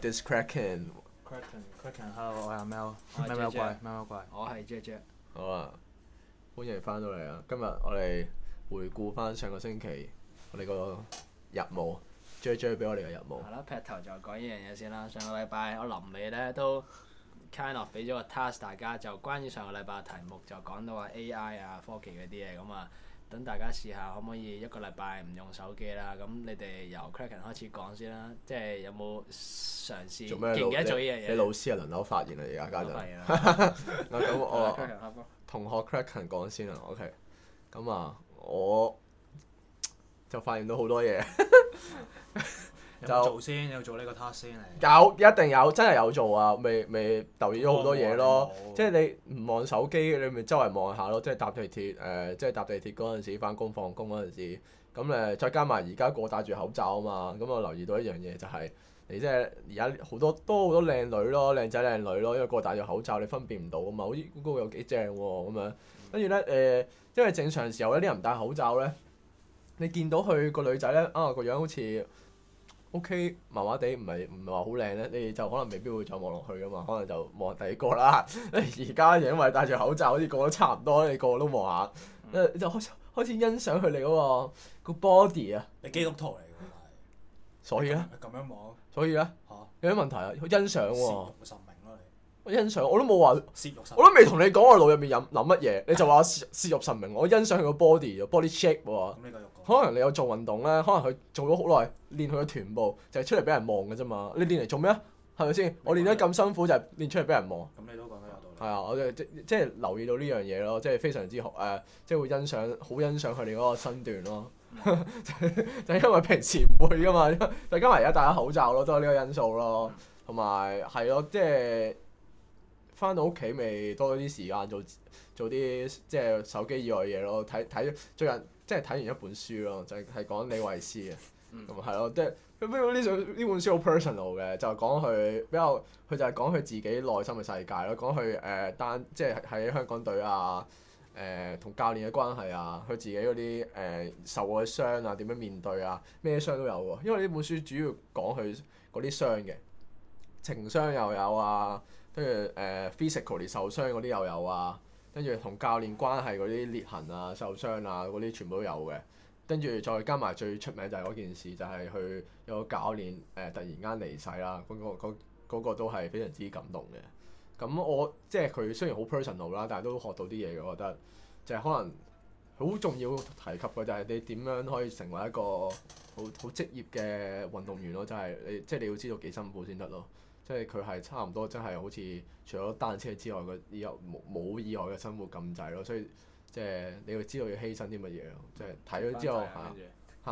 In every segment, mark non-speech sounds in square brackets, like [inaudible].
this Kraken Kraken, Kraken hello，我係、er, [laughs] Mel。咩咩怪，咩咩怪。我係 JJ、er, 好啊，歡迎翻到嚟啊！今日我哋回顧翻上個星期我哋個任務，JJ 俾我哋個任務。係啦，劈頭就講呢樣嘢先啦。上個禮拜我臨尾咧都 kind of 俾咗個 task 大家，就關於上個禮拜嘅題目，就講到啊 AI 啊科技嗰啲嘢咁啊。嗯等大家試下可唔可以一個禮拜唔用手機啦？咁你哋由 Cracking 開始講先啦，即係有冇嘗試？做咩？記唔記得做呢樣嘢？你老師係輪流發言啊！而家家陣，咁我 [laughs] 同學 Cracking 講先啊，OK？咁啊，我就發現到好多嘢。 [laughs] 有做先，有做呢個 task 先有，一定有，真係有做啊！未未留意咗好多嘢咯，即係你唔望手機，你咪周圍望下咯。即係搭地鐵，誒、呃，即係搭地鐵嗰陣時，翻工放工嗰陣時，咁、嗯、誒，再加埋而家個個戴住口罩啊嘛，咁我留意到一樣嘢就係、是，你即係而家好多多好多靚女咯，靚仔靚女咯，因為個個戴住口罩你分辨唔到啊嘛，好似嗰個有幾正喎、啊、咁樣。跟住咧，誒、呃，因為正常時候咧，啲人唔戴口罩咧，你見到佢個女仔咧，啊，個樣好似～O.K. 麻麻地，唔係，唔係話好靚咧，你就可能未必會再望落去噶嘛，可能就望第二個啦。而家就因為戴住口罩，好似個個都差唔多，你個個都望下，你、嗯、就開始開始欣賞佢哋嗰個個 body 啊！你基督徒嚟㗎，所以咧咁樣望，樣所以咧、啊、有咩問題啊！好欣賞喎。欣賞我都冇話褻瀆神，我都未同你講我腦入面諗乜嘢，你就話褻褻瀆神明。我欣賞佢 body, body 個 body，body check 喎。可能你有做運動咧，可能佢做咗好耐，練佢個臀部，就係、是、出嚟俾人望㗎啫嘛。你練嚟做咩啊？係咪先？我練得咁辛苦就係、是、練出嚟俾人望。咁你都講得有道理。係啊，我就即即係留意到呢樣嘢咯，即、就、係、是、非常之好誒，即、呃、係、就是、會欣賞，好欣賞佢哋嗰個身段咯。 [laughs] 就係因為平時唔會噶嘛，再加埋而家戴咗口罩咯，都有呢個因素咯，同埋係咯，即、就、係、是。 [laughs] 翻到屋企咪多啲時間做做啲即係手機以外嘢咯，睇睇最近即係睇完一本書咯，就係、是、講李慧詩嘅，咁係、嗯嗯、咯，即係咁不過呢本呢本書好 personal 嘅，就係、是、講佢比較佢就係講佢自己內心嘅世界咯，講佢誒、呃、單即係喺香港隊啊，誒、呃、同教練嘅關係啊，佢自己嗰啲誒受過嘅傷啊，點樣面對啊，咩傷都有喎，因為呢本書主要講佢嗰啲傷嘅，情傷又有啊。跟住誒、uh，physically 受傷嗰啲又有啊，跟住同教練關係嗰啲裂痕啊、受傷啊嗰啲全部都有嘅。跟住再加埋最出名就係嗰件事，就係、是、佢有個教練誒、呃、突然間離世啦，嗰、那個嗰嗰、那個那個、都係非常之感動嘅。咁我即係佢雖然好 personal 啦，但係都學到啲嘢，我覺得就係可能好重要提及嘅就係你點樣可以成為一個好好職業嘅運動員咯、啊，就係、是、你即係你要知道幾辛苦先得咯。即係佢係差唔多，真係好似除咗單車之外，個依個冇冇以外嘅生活咁滯咯。所以即係你會知道要犧牲啲乜嘢咯。即係睇咗之後，嚇嚇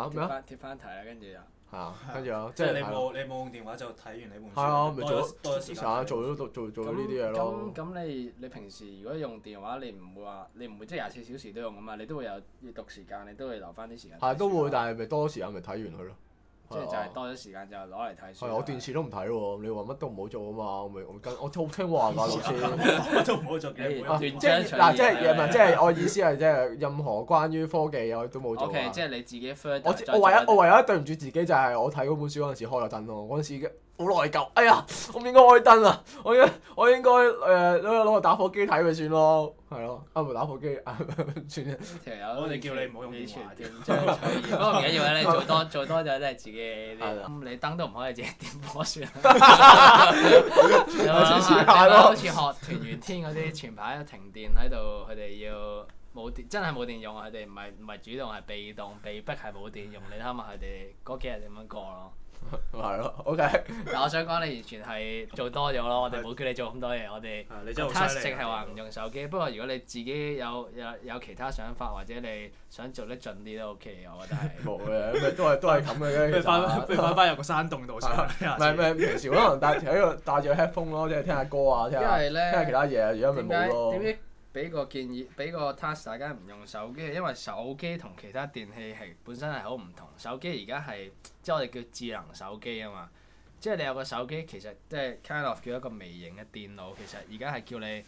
咩啊？貼翻題啊，跟住又係啊，跟住啊，即係你冇你冇用電話就睇完你換書。係啊，咪做咗多時間做咗做做呢啲嘢咯。咁咁你你平時如果用電話，你唔會話你唔會即係廿四小時都用啊嘛？你都會有閱讀時間，你都會留翻啲時間。係都會，但係咪多時間咪睇完佢咯？即係就係多咗時間就攞嚟睇書。係我電視都唔睇喎。你話乜都唔好做啊嘛，我咪我跟我好聽話嘛，老師，乜都唔好做。幾年？嗱，即係嘢唔係即係我意思係即係任何關於科技嘅我都冇做。Okay，即係你自己一我。我我唯一我唯，唯一對唔住自己就係我睇嗰本書嗰陣時開咗燈咯，嗰陣時嘅。好內疚，哎呀，我唔應該開燈啊！我應該我應該誒攞個打火機睇咪算咯，係咯，開部打火機。我哋叫你唔好用電話添，不過唔緊要，你做多做多咗都係自己嘅。咁、 [laughs] 嗯、你燈都唔開，自己點火算啦。 [laughs] [laughs] [laughs] 想想好似學團圓天嗰啲，前排停電喺度，佢哋要冇電，真係冇電用，佢哋唔係唔係主動，係被動，被逼係冇電用。你睇下佢哋嗰幾日點樣過咯。係咯，OK。 [laughs] 但我想講，你完全係做多咗咯。 [laughs] 我哋冇叫你做咁多嘢，我哋 task 淨係話唔用手機。不過如果你自己有有，有其他想法，或者你想做得盡啲都 OK。我覺得係冇嘅，都係都係咁嘅。翻翻翻入個山洞度上唔係唔係，平時 [laughs] [laughs] 可能戴喺個戴住 headphone 咯，即係聽下歌啊，聽下因為呢聽下其他嘢，而家咪冇咯。俾個建議，俾個 task 大家唔用手機，因為手機同其他電器係本身係好唔同。手機而家係即我哋叫智能手機啊嘛，即你有個手機，其實即係 kind of 叫一個微型嘅電腦，其實而家係叫你。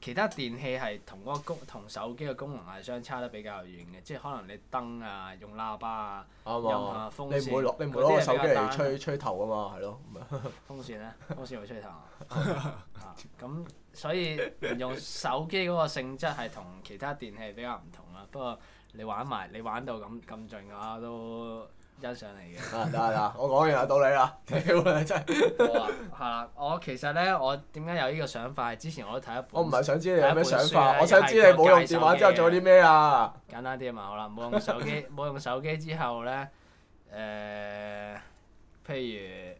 其他電器係同嗰個功同手機嘅功能係相差得比較遠嘅，即可能你燈啊、用喇叭啊、用啊吧、風扇，你唔會攞你唔攞個手機嚟吹吹頭啊嘛，係咯。 [laughs] 風扇呢，風扇會吹頭 [laughs] 啊。咁所以用手機嗰個性質係同其他電器比較唔同啦。不過你玩埋，你玩到咁咁盡嘅話都～欣賞你嘅，嗱嗱，我講完啦，到你啦，屌你真係，係啦，我其實咧，我點解有呢個想法之前我都睇一本，我唔係想知道你有咩想法，我想知你冇用電話之後做啲咩啊？ [laughs] 簡單啲啊嘛，好啦，冇用手機，冇用手機之後咧，誒、呃，譬如。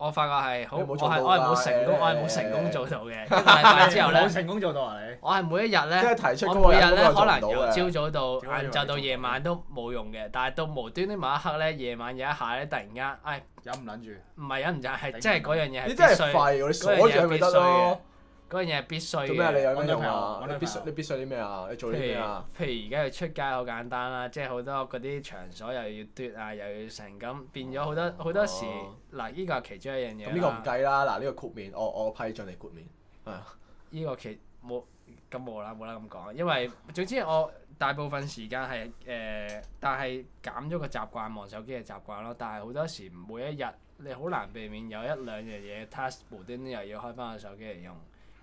我發覺係好，我係我係冇成功，我係冇成功做到嘅。 [laughs] 一萬之後咧，冇成功做到啊！你我係每一日咧，我每日咧可能由朝早到晏晝到夜晚都冇用嘅，但係到無端端某一刻咧，夜晚有一下咧，突然間，唉、哎，忍唔撚住？唔係忍唔住，係即係嗰樣嘢係。你真係廢，你鎖住佢嗰樣嘢係必須嘅。做咩？你有乜用啊？你必須你必須啲咩啊？你做啲咩啊？譬如而家要出街好簡單啦，即係好多嗰啲場所又要奪啊，又要成咁變咗好多好、嗯、多時嗱。呢、啊呢個係其中一樣嘢。呢個唔計啦。嗱，呢、呢個豁免我我批准你豁免係啊。呢個其冇咁冇啦冇啦咁講，因為總之我大部分時間係誒、呃，但係減咗個習慣望手機嘅習慣咯。但係好多時每一日你好難避免有一兩樣嘢 task 無端端又要開翻個手機嚟用。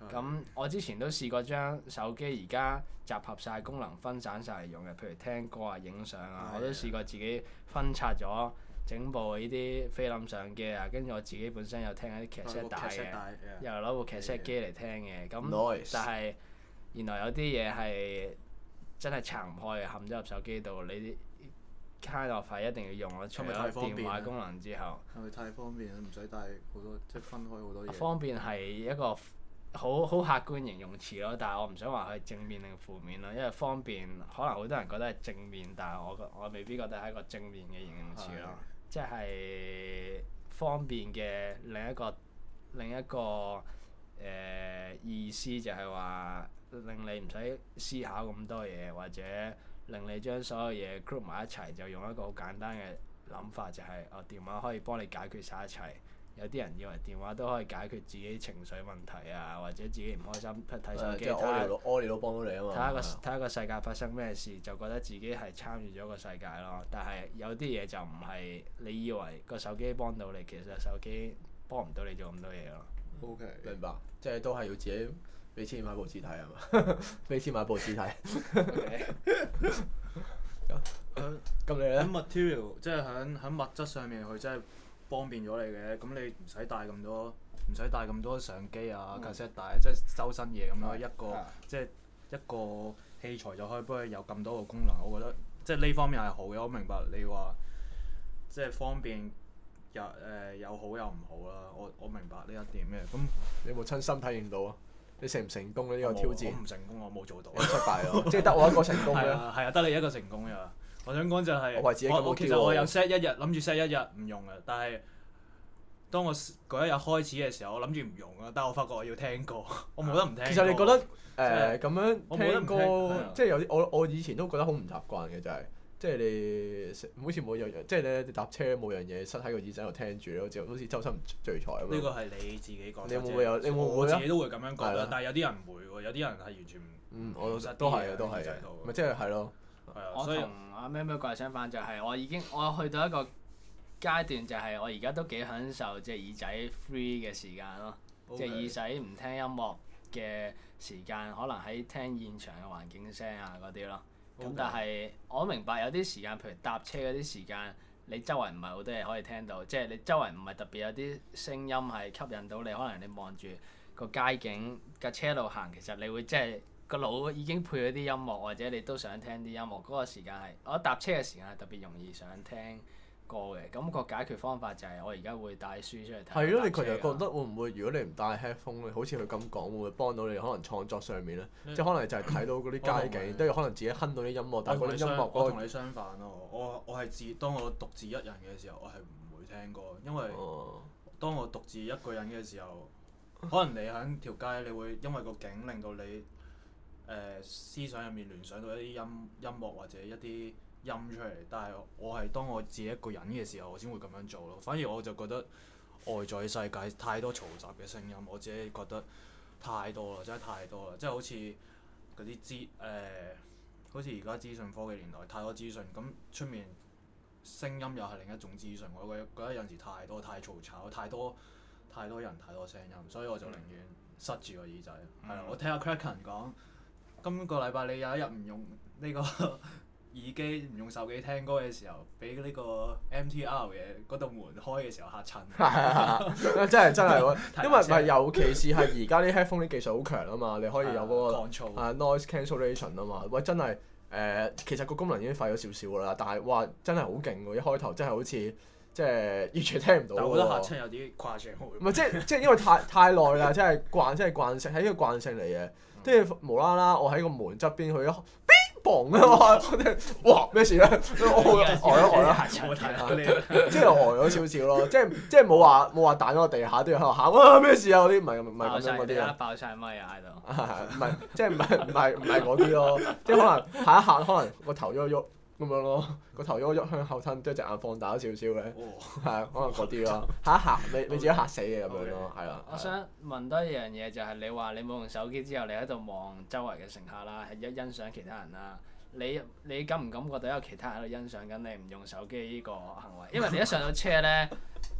咁、嗯、我之前都試過將手機而家集合晒功能分散晒嚟用嘅，譬如聽歌啊、影相啊，我都試過自己分拆咗整部呢啲菲林相機啊，跟住我自己本身有聽一啲卡式帶嘅，嗯、帶 yeah，又攞部卡式機嚟聽嘅。咁但係原來有啲嘢係真係拆唔開嘅，冚咗入手機度，你啲卡落去一定要用咯，除咗電話功能之後。係咪太方便啦？唔使帶好多，即係分開好多嘢。方便係一個。好好客觀形容詞咯，但係我唔想話佢係正面定負面咯，因為方便可能好多人覺得係正面，但係我覺我未必覺得係一個正面嘅形容詞咯。嗯、即係方便嘅另一個另一個誒、呃、意思就係話令你唔使思考咁多嘢，或者令你將所有嘢 group 埋一齊，就用一個好簡單嘅諗法、就是，就係我電話、啊、可以幫你解決晒一切。」有啲人以為電話都可以解決自己情緒問題啊，或者自己唔開心，睇手機睇下個都幫到你啊嘛，睇下個世界發生咩事，就覺得自己係參與咗個世界咯。但係有啲嘢就唔係你以為個手機幫到你，其實手機幫唔到你做咁多嘢咯。OK，明白，即係都係要自己俾錢買部機睇係嘛？俾錢買部機睇。咁你呢？喺 material 即係喺喺物質上面佢真係。方便咗你嘅，咁你唔使帶咁多，唔使帶咁多相機啊、卡西、嗯 er、帶，即係周身嘢咁咯。一個即係一個器材就可以幫你有咁多個功能，我覺得即係呢方面係好嘅。我明白你話即係方便又誒、呃、有好有唔好啦。我我明白呢一點嘅。咁你有冇親身體驗到啊？你成唔成功呢個挑戰？唔成功，我冇做到，失敗咗。 [laughs] 即係得我一個成功嘅。係啊，得你一個成功嘅。我想講就係、是，我，我其實我有 set 一日諗住 set 一日唔用嘅，但係當我嗰一日開始嘅時候，我諗住唔用嘅，但係我發覺我要聽歌。 [laughs] 我冇得唔聽。其實你覺得誒咁、就是呃、樣聽歌，即係有啲我我以前都覺得好唔習慣嘅，就係即係你好似冇有即係、就是、你搭車冇樣嘢塞喺個耳仔度聽住咧，好似周身聚財咁。呢個係你自己講。你會唔會有？你會，我自己都會咁樣講，了但係有啲人唔會喎，有啲人係完全唔、嗯。我都都係啊，都係啊。咪即係係咯。 [noise] 我同阿咩咩過嚟相反就係，我已經我去到一個階段，就係我而家都幾享受耳、啊、Okay. 即耳仔 free 嘅時間咯，即耳仔唔聽音樂嘅時間，可能喺聽現場嘅環境聲啊嗰啲咯。咁 Okay. 但係我明白有啲時間，譬如搭車嗰啲時間，你周圍唔係好多嘢可以聽到，即係你周圍唔係特別有啲聲音係吸引到你，可能你望住個街景、架車路行，嗯、其實你會即係。個腦已經配咗啲音樂，或者你都想聽啲音樂嗰、那個時間係我搭車嘅時間係特別容易想聽歌嘅。咁、那個解決方法就係我而家會帶書出嚟睇。係咯，你其實覺得會唔會？如果你唔帶 headphone 好似佢咁講，會，會幫到你可能創作上面咧，你即係可能就係睇到嗰啲街景，都可能自己哼到啲音樂。但係嗰啲音樂、那個、我同你，你相反咯、啊，我我係自當我獨自一人嘅時候，我係唔會聽歌，因為當我獨自一個人嘅時候，嗯、可能你喺條街，你會因為個景令到你。誒、呃、思想入面聯想到一啲音音樂或者一啲音出嚟，但係我係當我自己一個人嘅時候，我先會咁樣做咯。反而我就覺得外在世界太多嘈雜嘅聲音，我自己覺得太多啦，真係太多啦，即係好似嗰啲資誒、呃，好似而家資訊科技年代太多資訊咁，出面聲音又係另一種資訊，我覺得覺得有陣時太多太嘈吵，吵，太多太多人太多聲音，所以我就寧願塞住個耳仔。係啦、mm hmm.，我聽阿 Kraken 講。今個禮拜你有一日唔用呢個耳機，唔用手機聽歌嘅時候，俾呢個 MTR 嘅嗰道門開嘅時候嚇親。係係真係真係因為唔不係， [laughs] 尤其是係而家啲 headphone 啲技術好強啊嘛， [laughs] 你可以有嗰、那個係、 [laughs] 啊 [laughs] 啊、noise cancellation 啊嘛，喂真係誒、呃，其實個功能已經廢咗少少啦，但係哇真係好勁喎！一開頭真係好似～即係完全聽唔到。我覺得嚇親有啲誇張。唔係、即係、即係即係因為太太耐啦，即係慣即係慣性，係一個慣性嚟嘅。跟住無啦啦，我喺個門側邊，佢砰 [laughs] [laughs] 啊嘛，我哋哇咩事咧？我呆咗，呆咗嚇！我睇下，即係呆咗少少咯。即係即係冇話冇話彈咗個地下都要喺度喊啊咩事啊嗰啲，唔係唔係咁樣嗰啲啊！爆曬乜嘢喺度？唔係即係唔係唔係唔係嗰啲咯。即係可能下一刻可能個頭喐喐。咁樣咯，個頭喐喐向後褪，即係隻眼放大咗少少嘅，係啊哇，可能嗰啲咯，哇嚇嚇 [laughs] 你你自己嚇死嘅咁樣咯，係啊。我想問多一樣嘢，就係、是、你話你冇用手機之後，你喺度望周圍嘅乘客啦，係一欣賞其他人啦。你你感唔感覺到有其他人喺度欣賞緊你唔用手機呢個行為？因為你一上到車咧，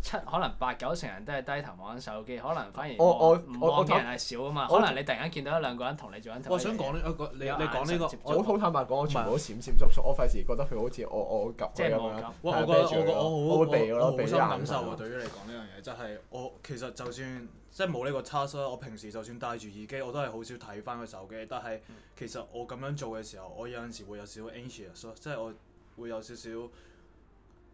七可能八九成人都係低頭玩手機，可能反而唔玩嘅人係少啊嘛，可能你突然間見到一兩個人同你做緊。我想講呢，我覺你你講呢個，我好坦白講，我全部都閃閃縮縮，我費事覺得佢好似我我撳咁樣。喂，我覺得我好我我好，我好深感受啊！對於你講呢樣嘢，就係我其實就算。即係冇呢個差，所以我平時就算戴住耳機，我都係好少睇翻個手機。但係其實我咁樣做嘅時候，我有陣時會有少少 anxious 咯，即係我會有少少覺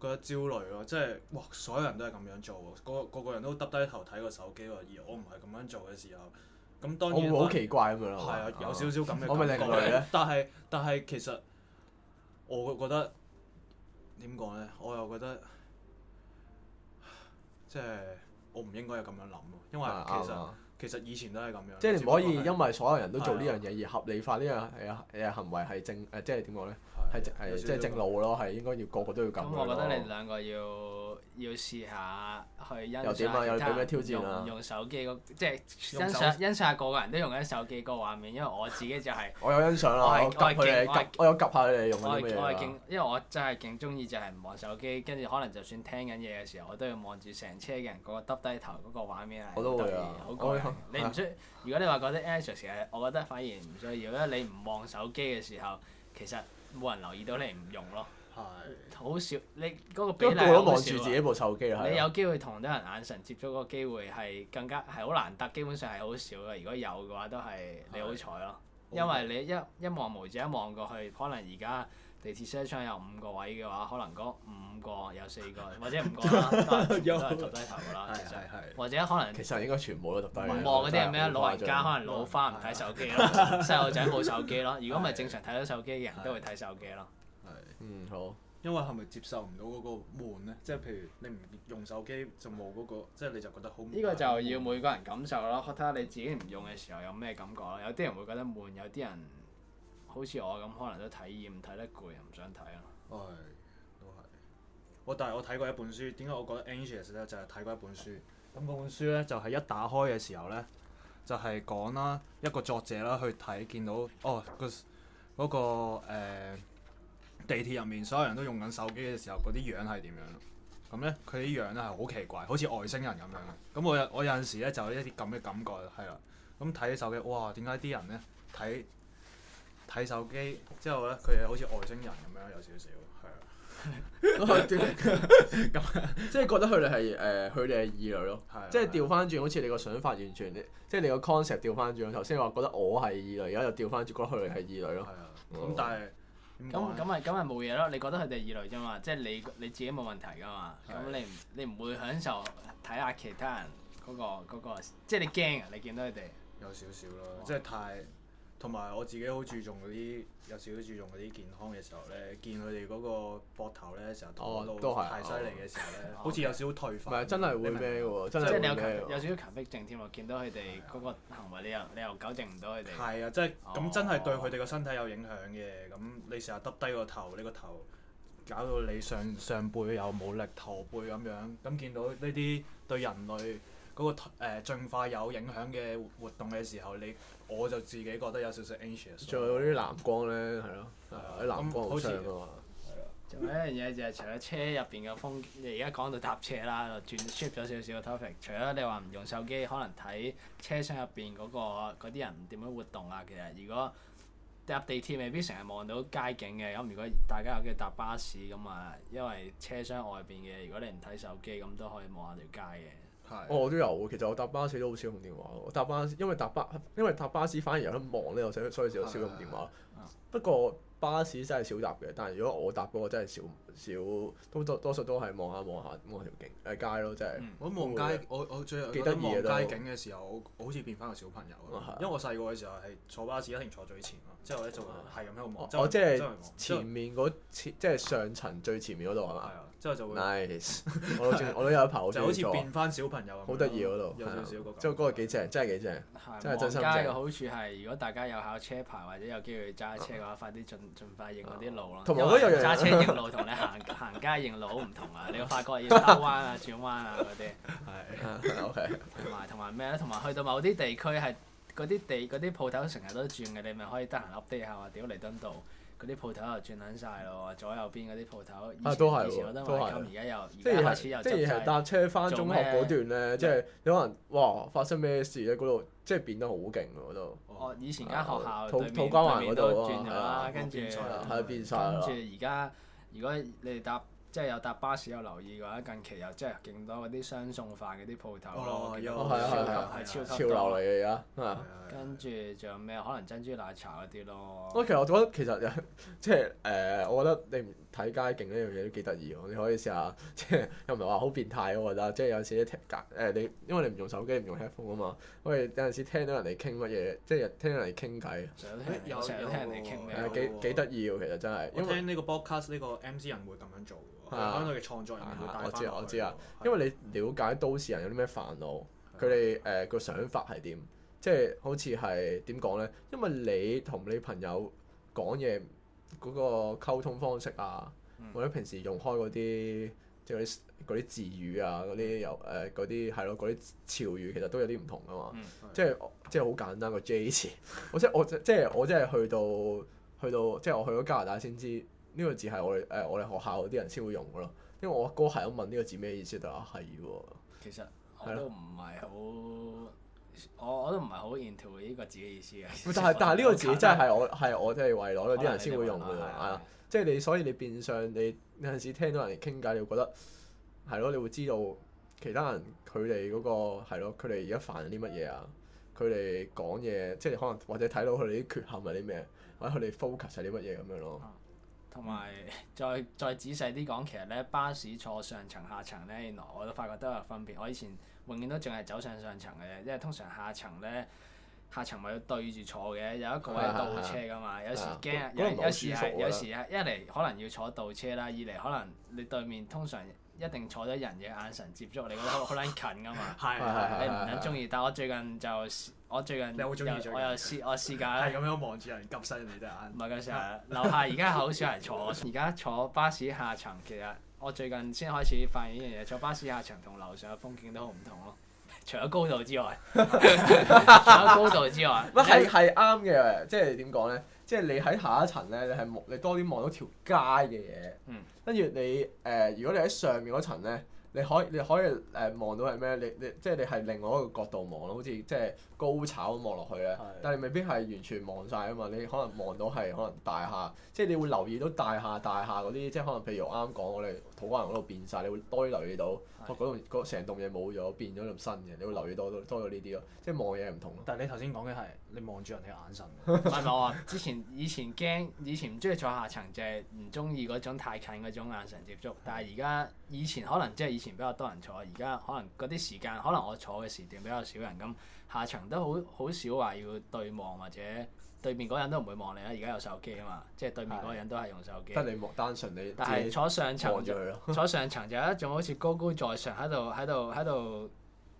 得焦慮咯。即係哇，所有人都係咁樣做，個個個人都耷低頭睇個手機喎。而我唔係咁樣做嘅時候，咁當然好奇怪佢咯。係啊但、嗯，有少少咁嘅感覺。我未聽過，但係但係其實我覺得點講呢？我又覺得即係。我唔應該有咁樣諗，因為其實、嗯、其實以前都係咁樣，即你唔可以因為所有人都做呢樣嘢而合理化呢樣嘢啊誒嘅行為係正誒，即係點講咧？係即係直路咯，係應該要個個都要咁、嗯。我覺得你哋兩個要要試下去欣賞下佢用用手機個，即係欣賞手欣賞下個個人都用緊手機個畫面，因為我自己就係、係、我有欣賞啦，我係我有 𥫾 下佢哋用緊啲咩，我係我勁，因為我真係勁中意就係唔望手機，跟住可能就算聽緊嘢嘅時候，我都要望住成車嘅人個耷低頭嗰個畫面，係好過癮。你唔需 [laughs] 如果你話覺得 a n t h u s 係，我覺得反而唔需要。因為你唔望手機嘅時候，其實。冇人留意到你唔用咯，的好少你嗰個比例好少。你有機會同啲人眼神接觸嗰個機會係更加係好難得，基本上係好少嘅。如果有嘅話，都係你好彩咯，的因為你一、嗯、一，一望無止，一望過去，可能而家。地鐵車窗有五個位嘅話，可能嗰五個有四個或者五個啦，都 [laughs] 有人低頭噶啦。其實 [laughs] 或者可能其實應該全部都伏低頭。望嗰啲係咩？老人家可能老花唔睇手機咯，細路仔冇手機咯。如果唔係正常睇到手機嘅 [laughs] 人都會睇手機咯。係 [laughs] 嗯，好，因為係咪接受唔到嗰個悶咧？即係譬如你唔用手機就冇嗰個，即係你就覺得好悶。呢個就要每個人感受咯。睇下你自己唔用嘅時候有咩感覺咯。有啲人會覺得悶，有啲人，人。好似我咁，可能都睇厭睇得攰，唔想睇啊、哦！都係，都係。我但係我睇過一本書，點解我覺得 anxious 咧？就係、是、睇過一本書。咁嗰本書咧，就係、是、一打開嘅時候咧，就係、是、講啦一個作者啦去睇見到哦、個嗰個、呃、地鐵入面，所有人都用緊手機嘅時候，嗰啲樣係點樣？咁咧佢啲樣咧係好奇怪，好似外星人咁樣嘅。咁我，我有我有陣時咧就有一啲咁嘅感覺，係啦。咁睇手機，哇！點解啲人咧睇？睇手機之後咧，佢哋好似外星人咁樣，有少少係啊，咁 [laughs] [laughs] 即係覺得佢哋係誒，佢哋係異類咯。啊、即係調翻轉，好似、啊、你個想法完全，即係你個 concept 調翻轉。頭先話覺得我係異類，而家又調翻轉覺得佢哋係異類咯。係啊，咁好、嗯、但係咁咁咪咁咪冇嘢咯？你覺得佢哋係異類啫嘛？即係你你自己冇問題噶嘛？咁、啊、你你唔會享受睇下其他人嗰、嗰個、嗰個嗰個、即係你驚啊！你見到佢哋有少少咯，即係哇 太。同埋我自己好注重嗰啲，有少少注重嗰啲健康嘅時候咧，見佢哋嗰個膊頭咧，成日拖到太犀利嘅時候咧，哦啊、好似有少少退化，唔係真係會咩嘅喎，真係嗎即係你有，有少少強迫症添喎，見到佢哋嗰個行為，你又你又糾正唔到佢哋。係啊，即係咁真係對佢哋個身體有影響嘅。咁你成日揼低個頭，你個頭搞到你上上背又冇力，駝背咁樣。咁見到呢啲對人類，嗰、那個誒、呃、進化有影響嘅活活動嘅時候，你我就自己覺得有少少 anxious。仲有啲藍光呢，係咯、嗯，喺藍光好似㗎嘛。仲有一樣嘢就係除咗車入邊嘅風，你而家講到搭車啦，轉 shift 咗少少嘅 topic。除咗你話唔用手機，可能睇車廂入邊嗰個嗰啲、那個、人點樣活動啊。其實如果搭地鐵未必成日望到街景嘅，咁如果大家有機會搭巴士咁啊，因為車廂外邊嘅，如果你唔睇手機，咁都可以望下條街嘅。我我都有喎，其實我搭巴士都好少用電話。我搭巴士，因為搭巴士，因為搭巴士反而有得望咧，又寫，所以先少用電話。不過巴士真係少搭嘅，但係如果我搭嗰個真係少少，多多數都係望下望下望條景誒街咯，真係。我望街，我我最記得望街景嘅時候，我好似變翻個小朋友。因為我細個嘅時候係坐巴士一定坐最前之後咧就係咁喺度望。哦，即係前面嗰即係上層最前面嗰度係嘛？之後就會我都我都有排好就好似變翻小朋友啊！好得意嗰度，有少少嗰個。即係嗰個幾正，真係幾正，真係真心正。行街嘅好處係，如果大家有考車牌或者有機會揸車嘅話，快啲盡盡快認嗰啲路咯。同埋我覺得揸車認路同你行行街認路好唔同啊！你會發覺要兜彎啊、轉彎啊嗰啲，係。同埋同埋咩咧？同埋去到某啲地區係嗰啲地嗰啲鋪頭成日都轉嘅，你咪可以得閒 update 下話屌彌敦道。啲鋪頭又轉緊晒咯，左右邊嗰啲鋪頭以前，我都得而家又而家開始又即係搭車翻中學嗰段咧，即係你可能哇發生咩事咧？嗰度即係變得好勁喎度哦，以前間學校土土瓜灣嗰度啊，跟住係變晒。跟住而家如果你哋搭。即係有搭巴士有留意嘅話，近期又即係勁多嗰啲雙餸飯嗰啲鋪頭咯，係超級潮流嚟啊！啊，跟住仲有咩？可能珍珠奶茶嗰啲咯。我其實我覺得其實即係誒，我覺得你唔睇街景呢樣嘢都幾得意喎！你可以試下，即係又唔係話好變態。我覺得即係有時啲 t a 你因為你唔用手機唔用 headphone 啊嘛。喂，有陣時聽到人哋傾乜嘢，即係聽人哋傾偈，成日聽，成日聽人哋傾偈。誒，幾得意喎！其實真係，因為呢個 broadcast 呢個 MC 人會咁樣做。係啊，我知啊，我知啊，因為你了解都市人有啲咩煩惱，佢哋誒個想法係點，即係好似係點講咧？因為你同你朋友講嘢嗰個溝通方式啊，嗯、或者平時用開嗰啲，即係嗰啲嗰啲字語啊，嗰啲又誒嗰啲係咯，嗰啲潮語其實都有啲唔同噶嘛，即係即係好簡單個 J 字， [laughs] 我即係、即係、我即係、即係、我即係、即係即係即係即係、去到去到即係、即係、我去咗加拿大先知。呢個字係我哋誒、哎、我哋學校嗰啲人先會用嘅咯，因為我阿哥係咁問呢個字咩意思，就話係喎。其實我都唔係好，我我都唔係好 into 呢個字嘅意思嘅。但係 [laughs] 但係呢個字真係我係、啊、我哋為攞嗰啲人先會用嘅，係啊的，即係你所以你變相你，你有陣時聽到人哋傾偈，你會覺得係咯，你會知道其他人佢哋嗰個係咯，佢哋而家煩啲乜嘢啊，佢哋講嘢即係可能或者睇到佢哋啲缺陷係啲咩，或者佢哋 focus 係啲乜嘢咁樣咯。 [music] 同埋 [music] 再再仔細啲講，其實呢巴士坐上層下層呢，原來我都發覺都有分別。我以前永遠都淨係走上上層嘅，因為通常下層呢，下層咪要對住坐嘅，有一個係倒車噶嘛，有時驚，有時係有時係，一嚟可能要坐倒車啦，二嚟可能你對面通常一定坐咗人嘅眼神接觸，你覺得好撚近噶嘛，係你唔撚中意。但我最近就～我最近有、這個、我又試我試架啦，係咁樣望住人 𥄫 晒人哋隻眼。唔係嗰時係樓下，而家好少人坐。而家 [laughs] 坐巴士下層，其實我最近先開始發現一樣嘢，坐巴士下層同樓上嘅風景都好唔同咯。除咗高度之外， [laughs] [laughs] 除咗高度之外，唔係係啱嘅，即係點講咧？即係、就是、你喺、就是、下一層咧，你係望你多啲望到條街嘅嘢。嗯，跟住你誒、呃，如果你喺上面嗰層咧。你可以你可以誒望、呃、到係咩？你你，你即係你係另外一個角度望咯，好似即係高炒咁望落去咧。是的 但係你未必係完全望晒啊嘛，你可能望到係可能大廈，即係你會留意到大廈大廈嗰啲，即係可能譬如我啱啱講我哋土瓜灣嗰度變晒，你會多啲留意到。我嗰棟成棟嘢冇咗，變咗咁新嘅，你會留意多咗多咗呢啲咯，即係望嘢唔同咯。但係你頭先講嘅係你望住人哋眼神， [laughs] 唔係我話之前以前驚，以前唔中意坐下層，淨係唔中意嗰種太近嗰種眼神接觸。但係而家以前可能即係以前比較多人坐，而家可能嗰啲時間，可能我坐嘅時段比較少人咁。下層都好好少話要對望，或者對面嗰人都唔會望你啦，而家有手機啊嘛，即係對面嗰人都係用手機。但你單純你。但係。坐上層，坐上層就有一種好似高高在上喺度喺度喺度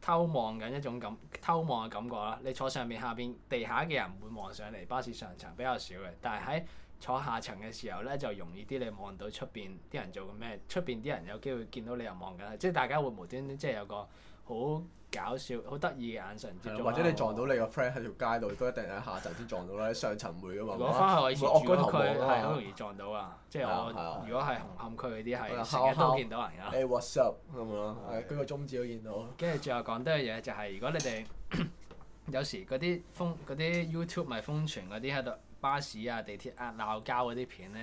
偷望緊一種感偷望嘅感覺啦。你坐上面，下邊地下嘅人唔會望上嚟，巴士上層比較少嘅，但係喺坐下層嘅時候呢，就容易啲，你望到出邊啲人做緊咩，出邊啲人有機會見到你又望緊，即係大家會無端端即係有個好。搞笑，好得意嘅眼神接觸或者你撞到你個 friend 喺條街度，都一定喺下層先撞到啦，上層會噶嘛？如果翻去我以前住嗰個區，係好容易撞到啊！即係我，如果係紅磡區嗰啲，係成日都見到人噶。WhatsApp 咁樣，佢個中指都見到。跟住最後講多嘢就係，如果你哋有時嗰啲風嗰啲 YouTube 咪瘋傳嗰啲喺度。巴士啊、地鐵啊、鬧交嗰啲片呢，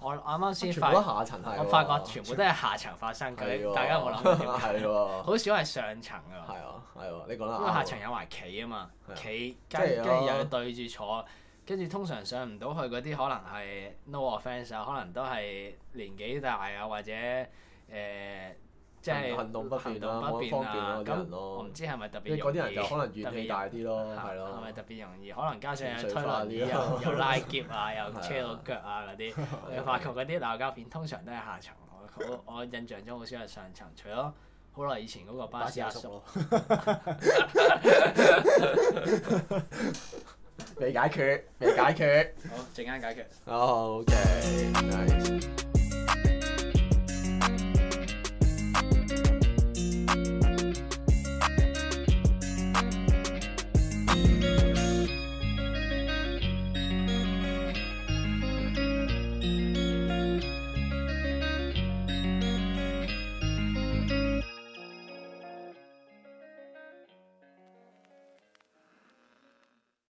我啱啱先發，我發覺全部都係下層發生嘅，全大家冇諗到，好少係上層㗎。係啊，係喎，你講啦。因為下層有埋企啊嘛，企跟跟住又要對住的坐，跟住通常上唔到去嗰啲，可能係 no offense 啊，可能都係年紀大啊，或者誒。呃即係行動不便啊，方便啊啲人咯。即係嗰啲人就可能怨氣大啲咯，係咪特別容易？可能加上又推翻啲啊，又拉攣啊，又車到腳啊嗰啲。你發覺嗰啲鬧交片通常都係下層，我印象中好少係上層，除咗好耐以前嗰個巴士阿叔。未解決，未解決。好，陣間解決。好，OK，nice。